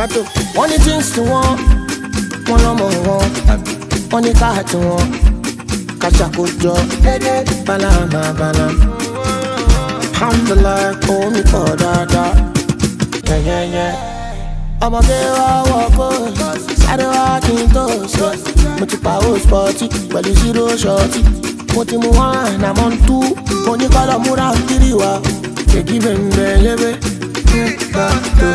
àgbàdo wọ́n ní jeans tí wọ́n wọ́n lọ́mọ wọn wọ́n ní káà tí wọ́n kàṣàkójọ dédé balama balama. alhamdulilayi kò mí pọ̀ dáadáa yẹ́yẹ́yẹ́. ọmọdé wa wọ́pọ̀ sáré wa kí n tó ṣe mo ti pa ó spọ́tì pẹ̀lú zero ṣọ́ọ̀tì mo ti mu one na mo ń tú mo ní kọ́lọ̀ múra kiri wa èjì bẹ̀m̀bẹ̀ lébè nígbà tó.